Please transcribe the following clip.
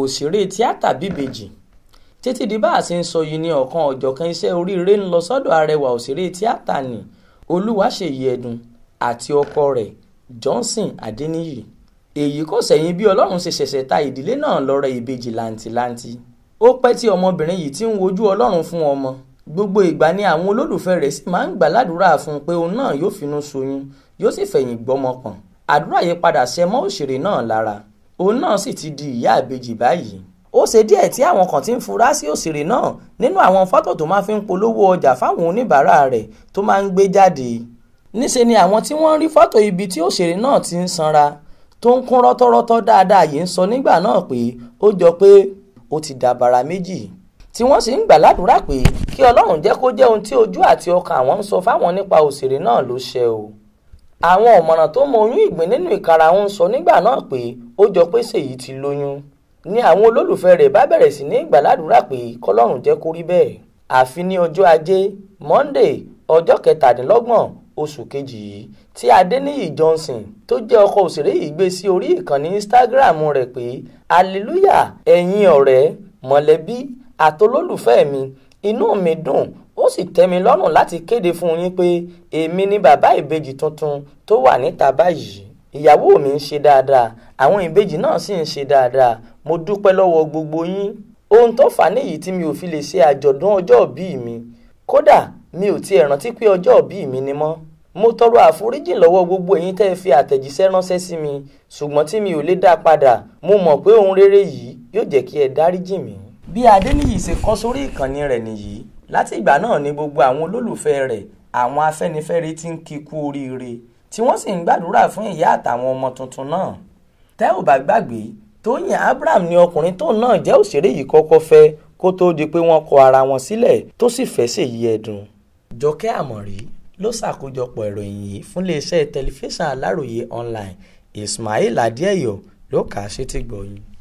òṣèré tíátà bíbèjì títí di bá a ṣe ń sọ yìí ní ọ̀kan ọ̀jọ̀kan iṣẹ́ oríire ń lọ sọ́dọ̀ arẹwà òṣèré tíátà ní olúwaṣèyí ẹ̀dùn àti ọkọ rẹ̀ johnson adéníyì èyí kò sẹ̀yìn bí ọlọ́run ṣe ṣẹ̀ṣẹ̀ ta ìdílé náà lọ́rẹ ìbejì làǹtìlanti ó pẹ́ tí ọmọbìnrin yìí ti ń wojú ọlọ́run fún ọmọ gbogbo ìgbà ni àwọn olólùfẹ́ rẹ̀ sì máa ń gbàládùra fún un pé òun náà yóò finú ṣoyún yóò sì fẹ̀yìn gbọ́mọ àdúrà yìí padà ṣẹ òṣèré náà lára òun náà sì ti di ìyá àbejì báyìí ó ṣe díẹ̀ tí àwọn kan ti ń fura sí òṣèré náà nínú àwọn fọ́tò tó máa fi ń polówó ọjà fáwọn oníbàárà rẹ̀ tó máa ń gbé jáde níṣe ni àwọn tí wọ́n ń rí fọ́tò ibi tí òṣèré náà ti ń sanra tó ń kún rọ́tọ́rọ́tọ́ dáadáa yìí ń sọ nígbà náà pé ó jọ pé ó ti dàbàrà méjì tí wọ́n sì ń gbà ládùúrà pé kí ọlọ́run jẹ́ kó jẹ́ ohun tí ojú àti ọkàn àwọn ń sọ fáwọn nípa òṣèré náà ló ṣe o àwọn ọ̀mọ̀ràn tó mọ oyún ìgbín nínú ìkara ń sọ nígbà náà pé ó jọ pé ṣèyí ti lóyún ni àwọn olólùfẹ́ rẹ̀ bá bẹ̀rẹ̀ sí ní gbàládùra pé kọlọ́run jẹ́ kó rí bẹ́ẹ̀ àfi ní ọjọ́ ajé Monday ọjọ́ kẹtàdínlọ́gbọ̀n oṣù kejì yìí tí Adéníyì Johnson tó jẹ́ ọkọ òṣèré yìí gbé sí orí ìkànnì Instagram rẹ̀ pé hallelujah ẹ̀yin ọ̀rẹ́ mọ̀lẹ́bí àtolólùfẹ́ mi inú mi dùn ó sì tẹ́ mi lọ́rùn láti kéde fún yín pé èmi ni bàbá ìbejì tuntun tó wà níta báyìí ìyàwó mi ń ṣe dáadáa àwọn ìbejì náà sì ń ṣe dáadáa mo dúpẹ́ lọ́wọ́ gbogbo yín ohun tó fà níyì tí mi ò fi lè ṣe àjọ̀dún ọjọ́ òbí mi kódà mi ò tiẹ̀ rántí pé ọjọ́ òbí mi ni mọ́ mo tọrọ àforíjì lọ́wọ́ gbogbo ẹ̀yin tẹ́ ẹ fi àtẹ̀jíṣẹ́ ránṣẹ́ sí mi ṣùgbọ́n tí mi ò lè dá padà mo mọ̀ pé ohun rere yìí yóò jẹ́ kí ẹ dáríjì mi. bí adéníyì ṣe kọ sórí ìkànnì rẹ̀ nìyí láti ìgbà náà ni gbogbo àwọn olólùfẹ́ rẹ̀ àwọn afẹ́nifẹ́re ti ń kí kú oríire tí wọ́n sì ń gbàdúrà fún ìyá àtàwọn ọmọ tuntun náà tẹ́ ò bá gbàgbé tóyìn abraham ni ọkùnrin tóun náà jẹ́ òṣèré yìí kọ́kọ́ fẹ́ kó tóó di pé wọ́n kọ ara wọn sílẹ̀ tó sì fẹ́ ṣèyí ẹ̀dùn. jọkẹ́ àmọ̀rí ló ṣàkójọpọ̀ ìròyìn yìí fún iléeṣẹ́ tẹlifíṣàn aláròye online ismail adéẹ̀yọ̀ ló kà á sétí gbọ̀yìn.